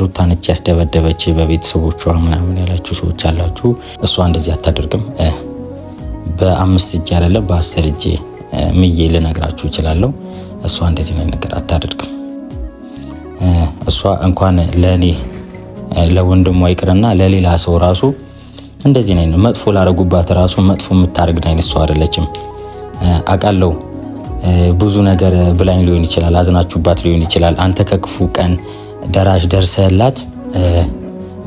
ሩታን እች ያስደበደበች በቤተሰቦቿ ምናምን ያላችሁ ሰዎች አላችሁ። እሷ እንደዚህ አታደርግም። በአምስት እጅ አይደለም በአስር እጅ ምዬ ልነግራችሁ ይችላለሁ። እሷ እንደዚህ ነ ነገር አታደርግም። እሷ እንኳን ለእኔ ለወንድሟ ይቅርና ለሌላ ሰው ራሱ እንደዚህ ነ መጥፎ ላረጉባት ራሱ መጥፎ የምታደርግ አይነት እሷ አይደለችም። አቃለው ብዙ ነገር ብላኝ ሊሆን ይችላል፣ አዝናችሁባት ሊሆን ይችላል። አንተ ከክፉ ቀን ደራሽ ደርሰላት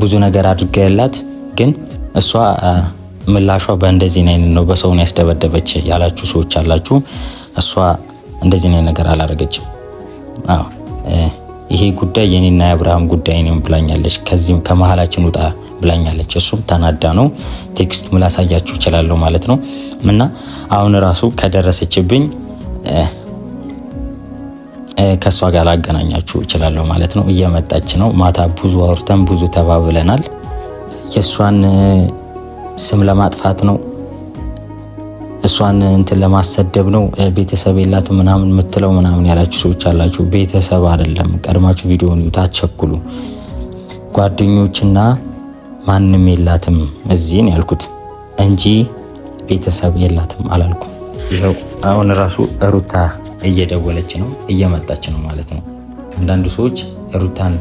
ብዙ ነገር አድርገላት ግን እሷ ምላሿ በእንደዚህ አይነት ነው፣ በሰውን ያስደበደበች ያላችሁ ሰዎች አላችሁ። እሷ እንደዚህ አይነት ነገር አላረገችም። አዎ ይሄ ጉዳይ የኔና የአብርሃም ጉዳይ ነው ብላኛለች። ከዚህም ከመሀላችን ውጣ ብላኛለች። እሱም ተናዳ ነው። ቴክስቱም ላሳያችሁ እችላለሁ ማለት ነው። እና አሁን ራሱ ከደረሰችብኝ ከእሷ ጋር ላገናኛችሁ እችላለሁ ማለት ነው። እየመጣች ነው። ማታ ብዙ አውርተን ብዙ ተባብለናል። የእሷን ስም ለማጥፋት ነው፣ እሷን እንትን ለማሰደብ ነው። ቤተሰብ የላትም ምናምን የምትለው ምናምን ያላችሁ ሰዎች አላችሁ። ቤተሰብ አይደለም። ቀድማችሁ ቪዲዮን ይዩት፣ አትቸኩሉ። ጓደኞችና ማንም የላትም እዚህን ያልኩት እንጂ ቤተሰብ የላትም አላልኩም። ይኸው አሁን ራሱ ሩታ እየደወለች ነው እየመጣች ነው ማለት ነው። አንዳንዱ ሰዎች ሩታን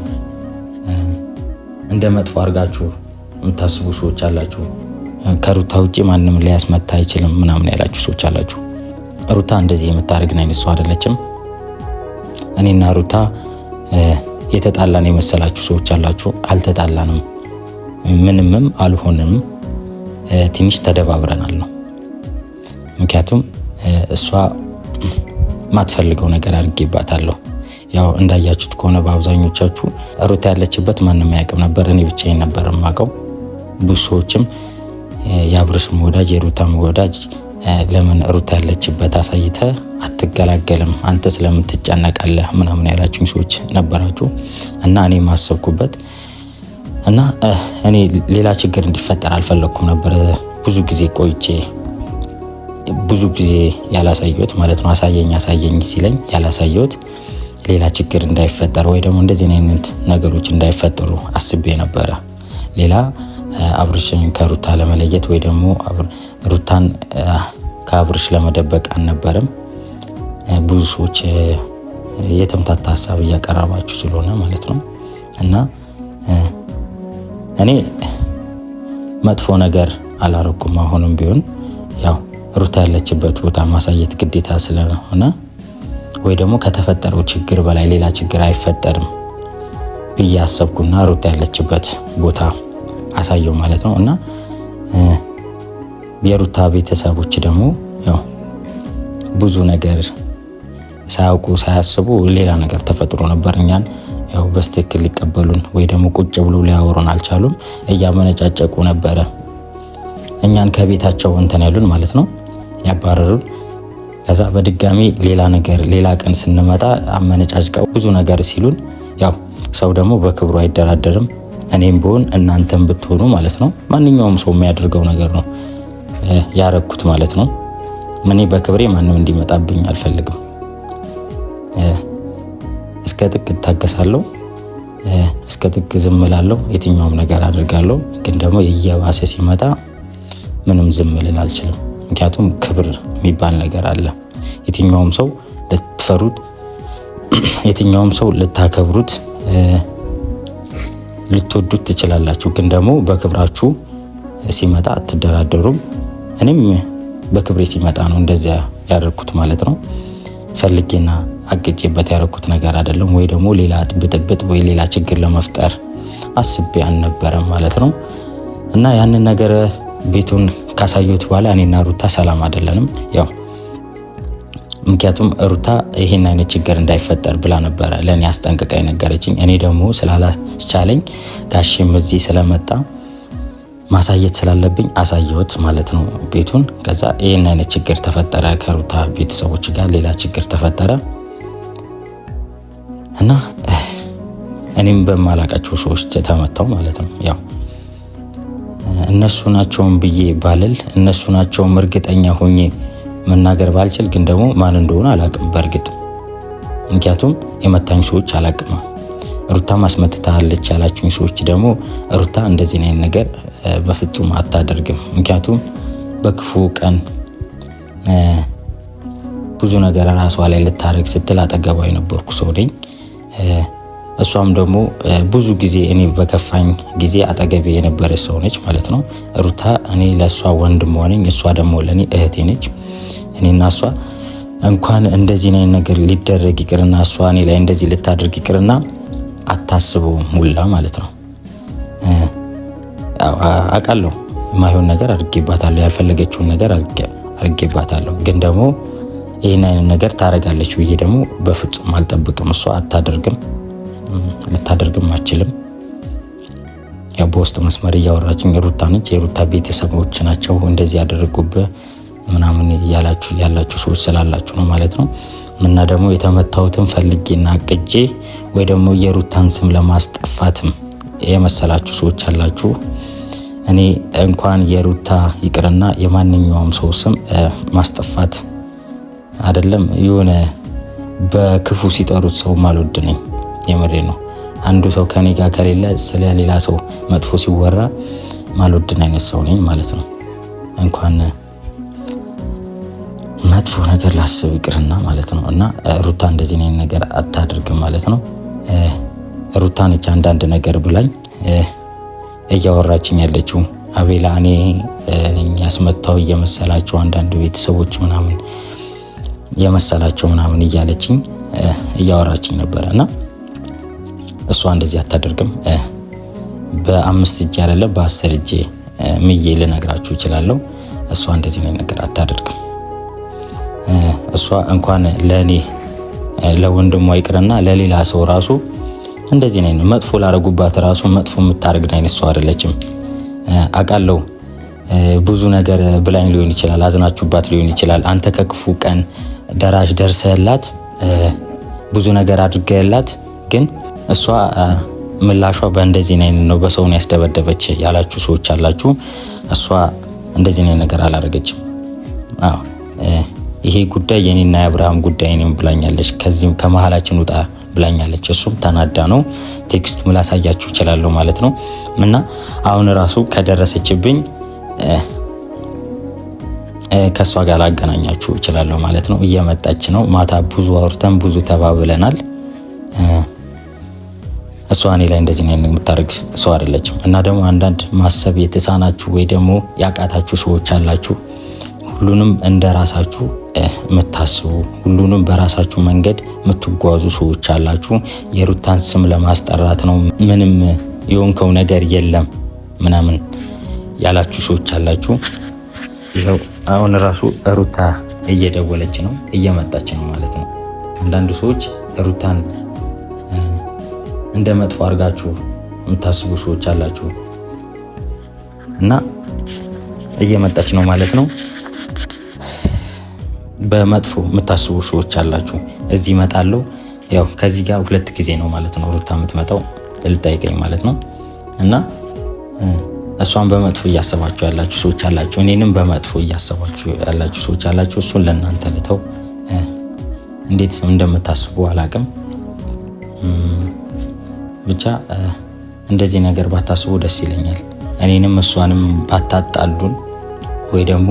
እንደ መጥፎ አድርጋችሁ የምታስቡ ሰዎች አላችሁ። ከሩታ ውጭ ማንም ሊያስመታ አይችልም ምናምን ያላችሁ ሰዎች አላችሁ። ሩታ እንደዚህ የምታደርግን አይነት ሰው አይደለችም። እኔና ሩታ የተጣላን የመሰላችሁ ሰዎች አላችሁ። አልተጣላንም፣ ምንምም አልሆንም። ትንሽ ተደባብረናል ነው ምክንያቱም እሷ ማትፈልገው ነገር አድርጌባታለሁ። ያው እንዳያችሁት ከሆነ በአብዛኞቻችሁ ሩታ ያለችበት ማንም አያውቅም ነበር። እኔ ብቻዬን ነበር የማውቀው። ብዙ ሰዎችም የአብርሽም ወዳጅ የሩታም ወዳጅ ለምን ሩታ ያለችበት አሳይተ አትገላገልም አንተ ስለምን ምናምን ያላችሁኝ ሰዎች ነበራችሁ እና እኔ ማሰብኩበት እና እኔ ሌላ ችግር እንዲፈጠር አልፈለግኩም ነበር ብዙ ጊዜ ቆይቼ ብዙ ጊዜ ያላሳየሁት ማለት ነው። አሳየኝ አሳየኝ ሲለኝ ያላሳየሁት ሌላ ችግር እንዳይፈጠር ወይ ደግሞ እንደዚህ አይነት ነገሮች እንዳይፈጠሩ አስቤ ነበረ። ሌላ አብርሽን ከሩታ ለመለየት ወይ ደግሞ ሩታን ከአብርሽ ለመደበቅ አልነበረም። ብዙ ሰዎች የተምታታ ሀሳብ እያቀረባችሁ ስለሆነ ማለት ነው እና እኔ መጥፎ ነገር አላረኩም። አሁንም ቢሆን ያው ሩታ ያለችበት ቦታ ማሳየት ግዴታ ስለሆነ ወይ ደግሞ ከተፈጠረው ችግር በላይ ሌላ ችግር አይፈጠርም ብዬ አሰብኩና ሩታ ያለችበት ቦታ አሳየው ማለት ነው እና የሩታ ቤተሰቦች ደግሞ ያው ብዙ ነገር ሳያውቁ ሳያስቡ ሌላ ነገር ተፈጥሮ ነበር። እኛን ያው በስትክክል ሊቀበሉን ወይ ደግሞ ቁጭ ብሎ ሊያወሩን አልቻሉም። እያመነጫጨቁ ነበረ እኛን ከቤታቸው እንትን ያሉን ማለት ነው። ያባረሩን። ከዛ በድጋሚ ሌላ ነገር ሌላ ቀን ስንመጣ አመነጫጭቀው ብዙ ነገር ሲሉን፣ ያው ሰው ደግሞ በክብሩ አይደራደርም። እኔም ብሆን እናንተም ብትሆኑ ማለት ነው ማንኛውም ሰው የሚያደርገው ነገር ነው ያረግኩት ማለት ነው። እኔ በክብሬ ማንም እንዲመጣብኝ አልፈልግም። እስከ ጥግ እታገሳለሁ፣ እስከ ጥግ ዝም እላለሁ፣ የትኛውም ነገር አድርጋለሁ። ግን ደግሞ እየባሰ ሲመጣ ምንም ዝም ልል አልችልም። ምክንያቱም ክብር የሚባል ነገር አለ። የትኛውም ሰው ልትፈሩት፣ የትኛውም ሰው ልታከብሩት፣ ልትወዱት ትችላላችሁ። ግን ደግሞ በክብራችሁ ሲመጣ አትደራደሩም። እኔም በክብሬ ሲመጣ ነው እንደዚያ ያደርኩት ማለት ነው። ፈልጌና አቅጬበት ያደረግኩት ነገር አይደለም። ወይ ደግሞ ሌላ ብጥብጥ ወይ ሌላ ችግር ለመፍጠር አስቤ አልነበረም ማለት ነው እና ያንን ነገር ቤቱን ካሳየሁት በኋላ እኔና ሩታ ሰላም አይደለንም። ያው ምክንያቱም ሩታ ይህን አይነት ችግር እንዳይፈጠር ብላ ነበረ ለእኔ አስጠንቅቃ የነገረችኝ። እኔ ደግሞ ስላላስቻለኝ ጋሽም እዚህ ስለመጣ ማሳየት ስላለብኝ አሳየሁት ማለት ነው ቤቱን። ከዛ ይህን አይነት ችግር ተፈጠረ፣ ከሩታ ቤተሰቦች ጋር ሌላ ችግር ተፈጠረ እና እኔም በማላቃቸው ሰዎች ተመታው ማለት ነው ያው እነሱ ናቸውም ብዬ ባልል እነሱ ናቸውም እርግጠኛ ሆኜ መናገር ባልችል፣ ግን ደግሞ ማን እንደሆነ አላቅም በእርግጥ ምክንያቱም የመታኝ ሰዎች አላቅም። ሩታ ማስመትታለች ያላችሁኝ ሰዎች ደግሞ ሩታ እንደዚህ አይነት ነገር በፍጹም አታደርግም። ምክንያቱም በክፉ ቀን ብዙ ነገር ራሷ ላይ ልታደርግ ስትል አጠገቧ የነበርኩ ሰው ነኝ። እሷም ደግሞ ብዙ ጊዜ እኔ በከፋኝ ጊዜ አጠገቤ የነበረች ሰው ነች ማለት ነው። ሩታ እኔ ለእሷ ወንድሟ ነኝ፣ እሷ ደግሞ ለእኔ እህቴ ነች። እኔና እሷ እንኳን እንደዚህ ነኝ ነገር ሊደረግ ይቅርና እሷ እኔ ላይ እንደዚህ ልታደርግ ይቅርና አታስበውም ሁላ ማለት ነው። አውቃለሁ የማይሆን ነገር አድርጌባታለሁ፣ ያልፈለገችውን ነገር አድርጌባታለሁ። ግን ደግሞ ይህን አይነት ነገር ታደርጋለች ብዬ ደግሞ በፍጹም አልጠብቅም። እሷ አታደርግም። ልታደርግም አችልም። ያው በውስጥ መስመር እያወራችን የሩታ ነች፣ የሩታ ቤተሰቦች ናቸው እንደዚህ ያደረጉብህ ምናምን ያላችሁ ሰዎች ስላላችሁ ነው ማለት ነው። እና ደግሞ የተመታሁትን ፈልጌና ቅጄ ወይ ደግሞ የሩታን ስም ለማስጠፋትም የመሰላችሁ ሰዎች አላችሁ። እኔ እንኳን የሩታ ይቅርና የማንኛውም ሰው ስም ማስጠፋት አይደለም የሆነ በክፉ ሲጠሩት ሰው ማልወድ ነኝ። የምሬ ነው። አንዱ ሰው ከኔ ጋር ከሌለ ስለ ሌላ ሰው መጥፎ ሲወራ ማልወድን አይነት ሰው ነኝ ማለት ነው። እንኳን መጥፎ ነገር ላስብ ይቅርና ማለት ነው። እና ሩታ እንደዚህ ነኝ ነገር አታድርግም ማለት ነው። ሩታ ነች አንዳንድ ነገር ብላኝ እያወራችኝ ያለችው አቤላ እኔ ያስመታው እየመሰላቸው አንዳንድ ቤተሰቦች ምናምን የመሰላቸው ምናምን እያለችኝ እያወራችኝ ነበረ እና እሷ እንደዚህ አታደርግም። በአምስት እጅ ያለለ በአስር እጄ ምዬ ልነግራችሁ እችላለሁ። እሷ እንደዚህ ነገር አታደርግም። እሷ እንኳን ለእኔ ለወንድሟ ይቅርና ለሌላ ሰው ራሱ እንደዚህ ነኝ። መጥፎ ላረጉባት ራሱ መጥፎ የምታደርግን አይነት ሰው አይደለችም። አውቃለሁ ብዙ ነገር ብላኝ ሊሆን ይችላል፣ አዝናችሁባት ሊሆን ይችላል። አንተ ከክፉ ቀን ደራሽ ደርሰህላት ብዙ ነገር አድርገህላት ግን እሷ ምላሿ በእንደዚህ አይነት ነው፣ በሰውን ያስደበደበች ያላችሁ ሰዎች አላችሁ። እሷ እንደዚህ አይነት ነገር አላደረገችም። አዎ ይሄ ጉዳይ የኔና የአብርሃም ጉዳይ ነው ብላኛለች። ከዚህም ከመሀላችን ውጣ ብላኛለች። እሱም ተናዳ ነው። ቴክስቱ ምላሳያችሁ እችላለሁ ማለት ነው። እና አሁን ራሱ ከደረሰችብኝ ከእሷ ጋር ላገናኛችሁ እችላለሁ ማለት ነው። እየመጣች ነው። ማታ ብዙ አውርተን ብዙ ተባብለናል። እሷ እኔ ላይ እንደዚህ ነው የምታደርግ ሰው አይደለችም። እና ደግሞ አንዳንድ ማሰብ የተሳናችሁ ወይ ደግሞ ያቃታችሁ ሰዎች አላችሁ። ሁሉንም እንደ ራሳችሁ የምታስቡ ሁሉንም በራሳችሁ መንገድ የምትጓዙ ሰዎች አላችሁ። የሩታን ስም ለማስጠራት ነው ምንም የሆንከው ነገር የለም ምናምን ያላችሁ ሰዎች አላችሁ። ይኸው አሁን ራሱ ሩታ እየደወለች ነው እየመጣች ነው ማለት ነው። አንዳንዱ ሰዎች ሩታን እንደ መጥፎ አድርጋችሁ የምታስቡ ሰዎች አላችሁ እና እየመጣች ነው ማለት ነው። በመጥፎ የምታስቡ ሰዎች አላችሁ። እዚህ እመጣለሁ። ያው ከዚህ ጋር ሁለት ጊዜ ነው ማለት ነው ሩታ የምትመጣው ልጠይቀኝ ማለት ነው እና እሷን በመጥፎ እያሰባችሁ ያላችሁ ሰዎች አላችሁ። እኔንም በመጥፎ እያሰባችሁ ያላችሁ ሰዎች አላችሁ። እሱን ለእናንተ ልተው፣ እንዴት እንደምታስቡ አላቅም። ብቻ እንደዚህ ነገር ባታስቡ ደስ ይለኛል። እኔንም እሷንም ባታጣሉን ወይ ደግሞ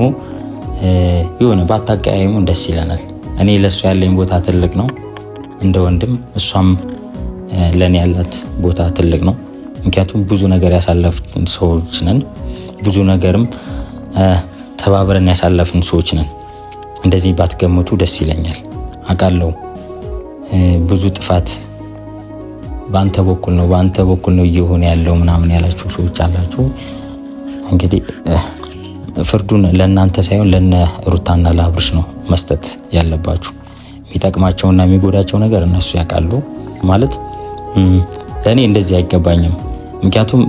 የሆነ ባታቀያይሙን ደስ ይለናል። እኔ ለእሷ ያለኝ ቦታ ትልቅ ነው እንደ ወንድም፣ እሷም ለእኔ ያላት ቦታ ትልቅ ነው። ምክንያቱም ብዙ ነገር ያሳለፍን ሰዎች ነን። ብዙ ነገርም ተባብረን ያሳለፍን ሰዎች ነን። እንደዚህ ባትገምቱ ደስ ይለኛል። አውቃለሁ ብዙ ጥፋት በአንተ በኩል ነው በአንተ በኩል ነው እየሆነ ያለው ምናምን ያላችሁ ሰዎች አላችሁ። እንግዲህ ፍርዱን ለእናንተ ሳይሆን ለነ ሩታና ለአብርሽ ነው መስጠት ያለባችሁ። የሚጠቅማቸውና የሚጎዳቸው ነገር እነሱ ያውቃሉ። ማለት ለእኔ እንደዚህ አይገባኝም። ምክንያቱም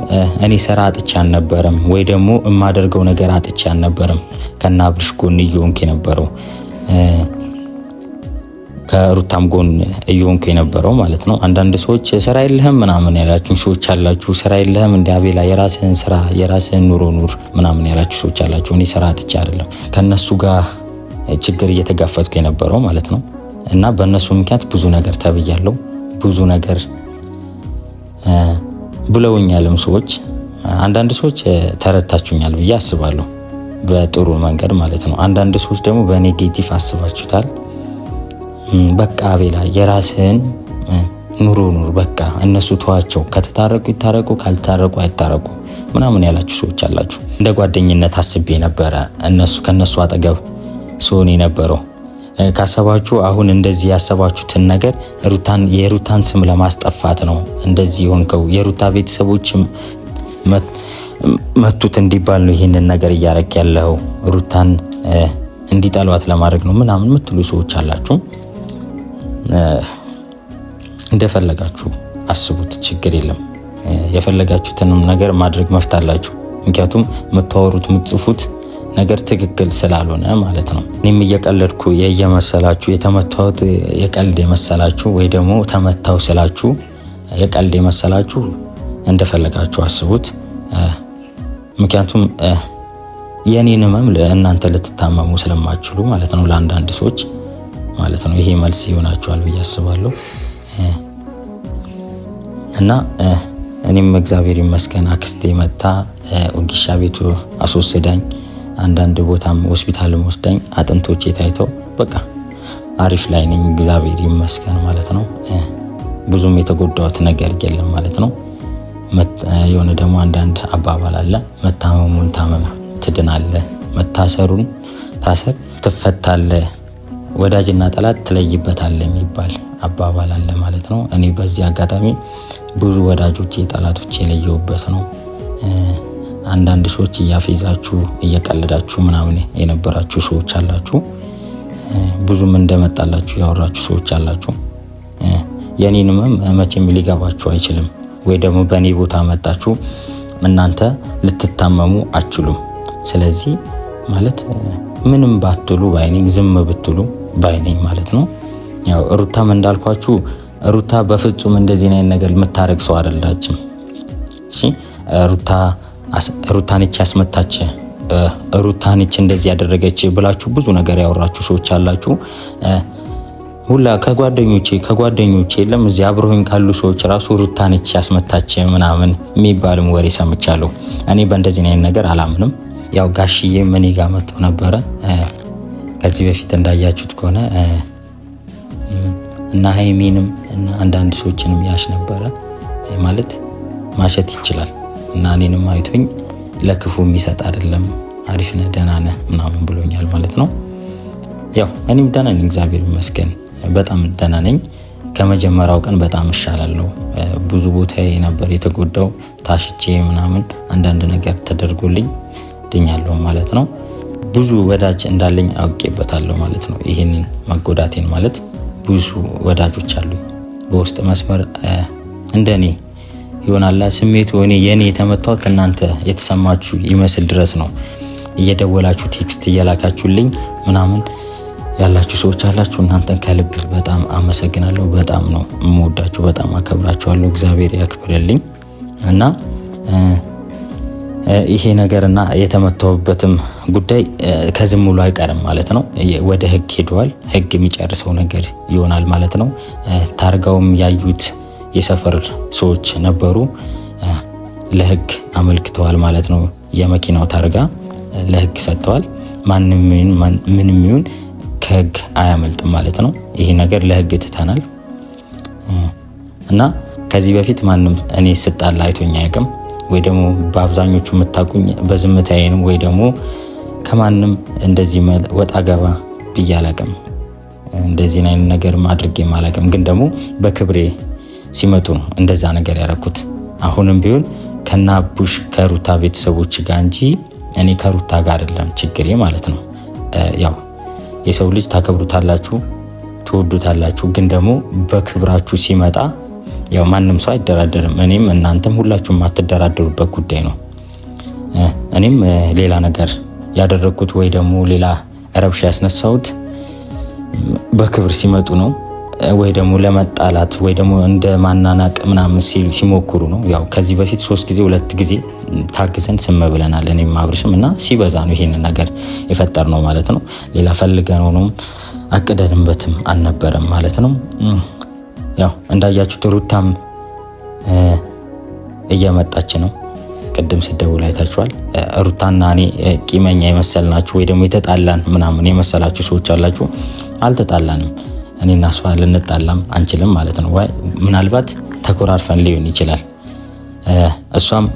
እኔ ስራ አጥቼ አልነበረም ወይ ደግሞ የማደርገው ነገር አጥቼ አልነበረም። ከነ አብርሽ ጎን እየሆንክ የነበረው ከሩታም ጎን እየሆንኩ የነበረው ማለት ነው። አንዳንድ ሰዎች ስራ የለህም ምናምን ያላችሁ ሰዎች አላችሁ። ስራ የለህም እንደ አቤላ የራስህን ስራ የራስህን ኑሮ ኑር ምናምን ያላችሁ ሰዎች አላችሁ። እኔ ስራ አጥቼ አይደለም ከእነሱ ጋር ችግር እየተጋፈጥኩ የነበረው ማለት ነው። እና በእነሱ ምክንያት ብዙ ነገር ተብያለው ብዙ ነገር ብለውኛልም ሰዎች። አንዳንድ ሰዎች ተረድታችሁኛል ብዬ አስባለሁ፣ በጥሩ መንገድ ማለት ነው። አንዳንድ ሰዎች ደግሞ በኔጌቲቭ አስባችሁታል። በቃ ቤላ የራስህን ኑሮ ኑር። በቃ እነሱ ተዋቸው፣ ከተታረቁ ይታረቁ፣ ካልታረቁ አይታረቁ ምናምን ያላችሁ ሰዎች አላችሁ። እንደ ጓደኝነት አስቤ ነበረ እነሱ ከእነሱ አጠገብ ስሆን የነበረው ካሰባችሁ አሁን እንደዚህ ያሰባችሁትን ነገር ሩታን የሩታን ስም ለማስጠፋት ነው እንደዚህ የሆንከው። የሩታ ቤተሰቦች መቱት እንዲባል ነው ይህንን ነገር እያረግ ያለው ሩታን እንዲጠሏት ለማድረግ ነው ምናምን የምትሉ ሰዎች አላችሁ። እንደፈለጋችሁ አስቡት፣ ችግር የለም። የፈለጋችሁትንም ነገር ማድረግ መፍታላችሁ። ምክንያቱም የምታወሩት የምትጽፉት ነገር ትክክል ስላልሆነ ማለት ነው። እኔም እየቀለድኩ የየመሰላችሁ የተመታሁት የቀልድ የመሰላችሁ ወይ ደግሞ ተመታው ስላችሁ የቀልድ የመሰላችሁ እንደፈለጋችሁ አስቡት። ምክንያቱም የእኔን ህመም እናንተ ልትታመሙ ስለማችሉ ማለት ነው ለአንዳንድ ሰዎች ማለት ነው። ይሄ መልስ ይሆናችኋል ብዬ አስባለሁ እና እኔም እግዚአብሔር ይመስገን አክስቴ መታ ወጊሻ ቤቱ አስወስዳኝ፣ አንዳንድ ቦታም ሆስፒታልም ወስዳኝ አጥንቶቼ ታይተው በቃ አሪፍ ላይ ነኝ፣ እግዚአብሔር ይመስገን ማለት ነው። ብዙም የተጎዳሁት ነገር የለም ማለት ነው። የሆነ ደግሞ አንዳንድ አባባል አለ፣ መታመሙን ታመም ትድናለ፣ መታሰሩን ታሰር ትፈታለ ወዳጅና ጠላት ትለይበታል የሚባል አባባል አለ ማለት ነው። እኔ በዚህ አጋጣሚ ብዙ ወዳጆቼ፣ ጠላቶች የለየውበት ነው። አንዳንድ ሰዎች እያፌዛችሁ እየቀለዳችሁ ምናምን የነበራችሁ ሰዎች አላችሁ። ብዙም እንደመጣላችሁ ያወራችሁ ሰዎች አላችሁ። የኔንምም መቼም ሊገባችሁ አይችልም። ወይ ደግሞ በእኔ ቦታ መጣችሁ እናንተ ልትታመሙ አችሉም። ስለዚህ ማለት ምንም ባትሉ ባይኔ ዝም ብትሉ ባይ ነኝ ማለት ነው። ያው ሩታም እንዳልኳችሁ ሩታ በፍጹም እንደዚህ አይነት ነገር የምታረግ ሰው አይደላችም። እሺ ሩታንች ያስመታች ሩታንች እንደዚህ ያደረገች ብላችሁ ብዙ ነገር ያወራችሁ ሰዎች አላችሁ። ሁላ ከጓደኞቼ ከጓደኞቼ የለም እዚህ አብረውኝ ካሉ ሰዎች ራሱ ሩታንች ያስመታች ምናምን የሚባልም ወሬ ሰምቻለሁ። እኔ በእንደዚህ አይነት ነገር አላምንም። ያው ጋሽዬ እኔ ጋር መጥቶ ነበረ ከዚህ በፊት እንዳያችሁት ከሆነ እና ሀይሜንም እና አንዳንድ ሰዎችንም ያሽ ነበረ ማለት ማሸት ይችላል እና እኔንም አይቶኝ ለክፉ የሚሰጥ አይደለም፣ አሪፍ ነህ፣ ደህና ነህ ምናምን ብሎኛል ማለት ነው። ያው እኔም ደህና ነኝ፣ እግዚአብሔር ይመስገን፣ በጣም ደህና ነኝ። ከመጀመሪያው ቀን በጣም እሻላለሁ። ብዙ ቦታ ነበር የተጎዳው ታሽቼ ምናምን፣ አንዳንድ ነገር ተደርጎልኝ ድኛለሁ ማለት ነው። ብዙ ወዳጅ እንዳለኝ አውቄበታለሁ ማለት ነው። ይህንን መጎዳቴን ማለት ብዙ ወዳጆች አሉ። በውስጥ መስመር እንደ እኔ ይሆናላ ስሜቱ እኔ የእኔ የተመታው እናንተ የተሰማችሁ ይመስል ድረስ ነው እየደወላችሁ ቴክስት እየላካችሁልኝ ምናምን ያላችሁ ሰዎች አላችሁ። እናንተን ከልብ በጣም አመሰግናለሁ። በጣም ነው የምወዳችሁ፣ በጣም አከብራችኋለሁ። እግዚአብሔር ያክብርልኝ እና ይሄ ነገርና የተመተውበትም ጉዳይ ከዝም ብሎ አይቀርም ማለት ነው። ወደ ህግ ሄደዋል። ህግ የሚጨርሰው ነገር ይሆናል ማለት ነው። ታርጋውም ያዩት የሰፈር ሰዎች ነበሩ። ለህግ አመልክተዋል ማለት ነው። የመኪናው ታርጋ ለህግ ሰጥተዋል። ማንም ምንም ይሁን ከህግ አያመልጥም ማለት ነው። ይሄ ነገር ለህግ ትተናል እና ከዚህ በፊት ማንም እኔ ስጣላ አይቶኛ አያውቅም። ወይ ደግሞ በአብዛኞቹ የምታቁኝ በዝምታዬ ወይ ደግሞ ከማንም እንደዚህ ወጣ ገባ ብዬ አላቅም። እንደዚህን አይነት ነገር አድርጌ አላቅም። ግን ደግሞ በክብሬ ሲመጡ ነው እንደዛ ነገር ያረኩት። አሁንም ቢሆን ከናቡሽ ከሩታ ቤተሰቦች ጋር እንጂ እኔ ከሩታ ጋር አይደለም ችግሬ ማለት ነው። ያው የሰው ልጅ ታከብሩታላችሁ፣ ትወዱታላችሁ። ግን ደግሞ በክብራችሁ ሲመጣ ያው ማንም ሰው አይደራደርም። እኔም እናንተም ሁላችሁም የማትደራደሩበት ጉዳይ ነው። እኔም ሌላ ነገር ያደረግኩት ወይ ደግሞ ሌላ ረብሻ ያስነሳሁት በክብር ሲመጡ ነው ወይ ደግሞ ለመጣላት ወይ ደግሞ እንደ ማናናቅ ምናምን ሲሞክሩ ነው። ያው ከዚህ በፊት ሶስት ጊዜ ሁለት ጊዜ ታግዘን ስም ብለናል። እኔም አብርሽም እና ሲበዛ ነው ይሄንን ነገር የፈጠር ነው ማለት ነው። ሌላ ፈልገነውም አቅደንበትም አልነበረም ማለት ነው። ያው እንዳያችሁት ሩታም እየመጣች ነው። ቅድም ስደውል አይታችኋል። ሩታና እኔ ቂመኛ የመሰልናችሁ ወይ ደግሞ የተጣላን ምናምን የመሰላችሁ ሰዎች አላችሁ። አልተጣላንም። እኔና እሷ ልንጣላም አንችልም ማለት ነው። ወይ ምናልባት ተኮራርፈን ሊሆን ይችላል። እሷም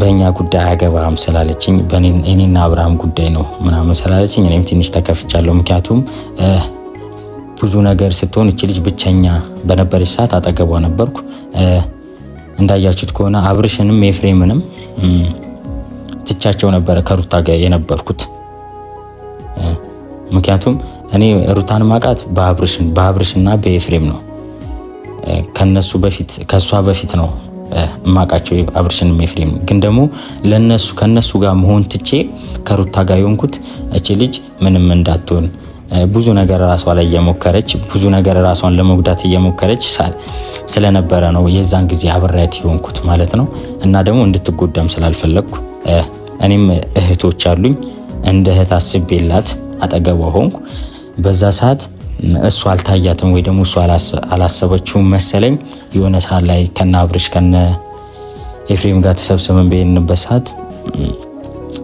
በእኛ ጉዳይ አያገባም ስላለችኝ፣ እኔና አብርሃም ጉዳይ ነው ምናምን ስላለችኝ እኔም ትንሽ ተከፍቻለሁ። ምክንያቱም ብዙ ነገር ስትሆን እች ልጅ ብቸኛ በነበረች ሰዓት አጠገቧ ነበርኩ። እንዳያችሁት ከሆነ አብርሽንም ኤፍሬምንም ትቻቸው ነበረ ከሩታ ጋር የነበርኩት። ምክንያቱም እኔ ሩታን ማቃት በአብርሽና በኤፍሬም ነው። ከነሱ በፊት ከእሷ በፊት ነው ማቃቸው አብርሽንም ኤፍሬም። ግን ደግሞ ለነሱ ከነሱ ጋር መሆን ትቼ ከሩታ ጋር የሆንኩት እች ልጅ ምንም እንዳትሆን ብዙ ነገር ራሷ ላይ እየሞከረች ብዙ ነገር ራሷን ለመጉዳት እየሞከረች ስለነበረ ነው የዛን ጊዜ አብሬያት የሆንኩት ማለት ነው። እና ደግሞ እንድትጎዳም ስላልፈለግኩ እኔም እህቶች አሉኝ እንደ እህት አስቤላት አጠገቧ ሆንኩ። በዛ ሰዓት እሱ አልታያትም ወይ ደግሞ እሱ አላሰበችውም መሰለኝ። የሆነ ሰዓት ላይ ከነ አብርሽ ከነ ኤፍሬም ጋር ተሰብስበን በሄድንበት ሰዓት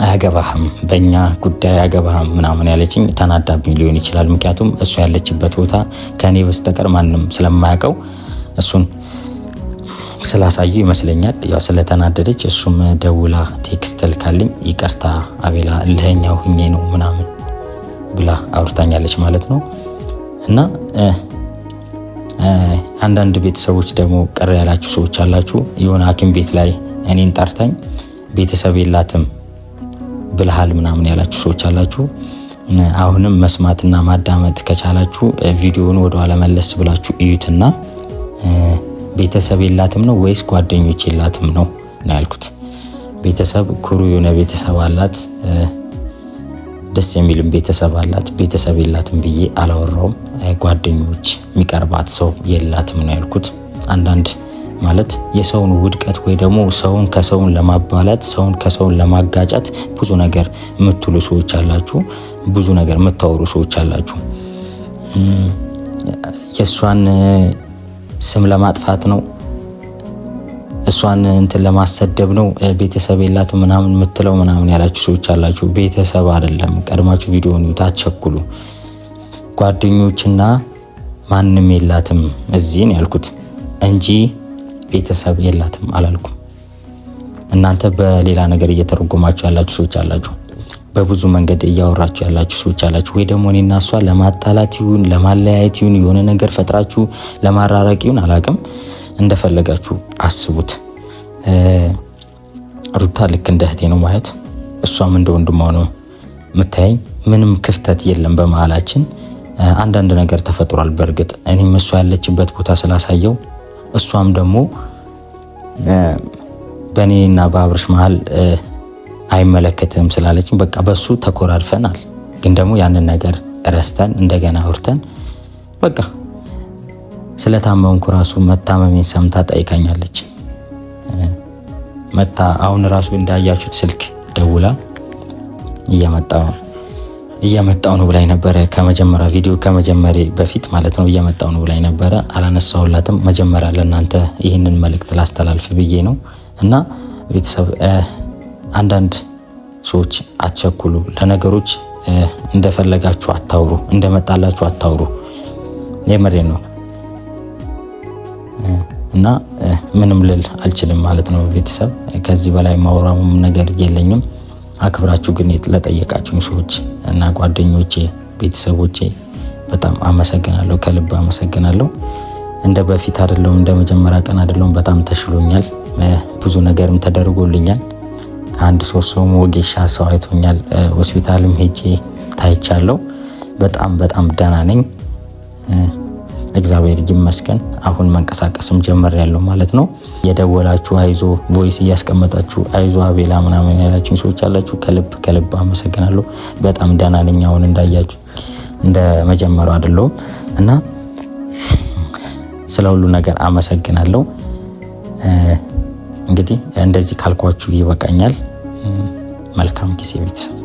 አያገባህም፣ በእኛ ጉዳይ አያገባህም ምናምን ያለችኝ ተናዳብኝ ሊሆን ይችላል። ምክንያቱም እሷ ያለችበት ቦታ ከእኔ በስተቀር ማንም ስለማያውቀው እሱን ስላሳዩ ይመስለኛል። ያው ስለተናደደች እሱም ደውላ ቴክስት ልካልኝ ይቅርታ አቤላ እልኸኛው ሁኜ ነው ምናምን ብላ አውርታኛለች ማለት ነው እና አንዳንድ ቤተሰቦች ደግሞ ቅር ያላችሁ ሰዎች አላችሁ። የሆነ ሐኪም ቤት ላይ እኔን ጠርታኝ ቤተሰብ የላትም ብልሃል ምናምን ያላችሁ ሰዎች አላችሁ። አሁንም መስማትና ማዳመጥ ከቻላችሁ ቪዲዮውን ወደኋላ መለስ ብላችሁ እዩትና ቤተሰብ የላትም ነው ወይስ ጓደኞች የላትም ነው ነው ያልኩት። ቤተሰብ ኩሩ የሆነ ቤተሰብ አላት፣ ደስ የሚልም ቤተሰብ አላት። ቤተሰብ የላትም ብዬ አላወራውም። ጓደኞች የሚቀርባት ሰው የላትም ነው ያልኩት። አንዳንድ ማለት የሰውን ውድቀት ወይ ደግሞ ሰውን ከሰውን ለማባላት ሰውን ከሰውን ለማጋጫት ብዙ ነገር የምትሉ ሰዎች አላችሁ፣ ብዙ ነገር የምታወሩ ሰዎች አላችሁ። የእሷን ስም ለማጥፋት ነው፣ እሷን እንትን ለማሰደብ ነው፣ ቤተሰብ የላት ምናምን የምትለው ምናምን ያላችሁ ሰዎች አላችሁ። ቤተሰብ አይደለም ቀድማችሁ ቪዲዮን ይዩት፣ አትቸኩሉ። ጓደኞችና ማንም የላትም እዚህን ያልኩት እንጂ ቤተሰብ የላትም አላልኩም። እናንተ በሌላ ነገር እየተረጎማችሁ ያላችሁ ሰዎች አላችሁ፣ በብዙ መንገድ እያወራችሁ ያላችሁ ሰዎች አላችሁ። ወይ ደግሞ ና እሷ ለማጣላት ይሁን ለማለያየት ይሁን የሆነ ነገር ፈጥራችሁ ለማራራቅ ይሁን አላቅም፣ እንደፈለጋችሁ አስቡት። ሩታ ልክ እንደ እህቴ ነው ማለት እሷም እንደ ወንድሟ ነው የምታየኝ። ምንም ክፍተት የለም በመሀላችን። አንዳንድ ነገር ተፈጥሯል። በእርግጥ እኔም እሷ ያለችበት ቦታ ስላሳየው እሷም ደግሞ በእኔና በአብርሽ መሀል አይመለከትም ስላለችኝ በቃ በሱ ተኮራርፈናል። ግን ደግሞ ያንን ነገር ረስተን እንደገና አውርተን በቃ ስለታመምኩ ራሱ መታመሜን ሰምታ ጠይቃኛለች። መታ አሁን ራሱ እንዳያችሁት ስልክ ደውላ እየመጣ ነው እየመጣው ነው ብላይ ነበረ። ከመጀመሪያ ቪዲዮ ከመጀመሪ በፊት ማለት ነው እየመጣው ነው ብላይ ነበረ። አላነሳውላትም መጀመሪያ ለእናንተ ይህንን መልእክት ላስተላልፍ ብዬ ነው እና ቤተሰብ አንዳንድ ሰዎች አትቸኩሉ፣ ለነገሮች እንደፈለጋችሁ አታውሩ፣ እንደመጣላችሁ አታውሩ። የመሬ ነው እና ምንም ልል አልችልም ማለት ነው ቤተሰብ። ከዚህ በላይ ማውራሙም ነገር የለኝም። አክብራችሁ ግን ለጠየቃችሁኝ ሰዎች እና ጓደኞቼ፣ ቤተሰቦቼ በጣም አመሰግናለሁ፣ ከልብ አመሰግናለሁ። እንደ በፊት አይደለሁም፣ እንደ መጀመሪያ ቀን አይደለሁም። በጣም ተሽሎኛል። ብዙ ነገርም ተደርጎልኛል። ከአንድ ሶስት ሰውም ወጌሻ ሰው አይቶኛል። ሆስፒታልም ሄጄ ታይቻለሁ። በጣም በጣም ደህና ነኝ። እግዚአብሔር ይመስገን አሁን መንቀሳቀስም ጀመር ያለው ማለት ነው። የደወላችሁ አይዞ ቮይስ እያስቀመጣችሁ አይዞ አቤላ ምናምን ያላችሁ ሰዎች አላችሁ፣ ከልብ ከልብ አመሰግናለሁ። በጣም ደህና ነኝ። አሁን እንዳያችሁ እንደ መጀመሩ አይደለሁም እና ስለ ሁሉ ነገር አመሰግናለሁ። እንግዲህ እንደዚህ ካልኳችሁ ይበቃኛል። መልካም ጊዜ ቤተሰብ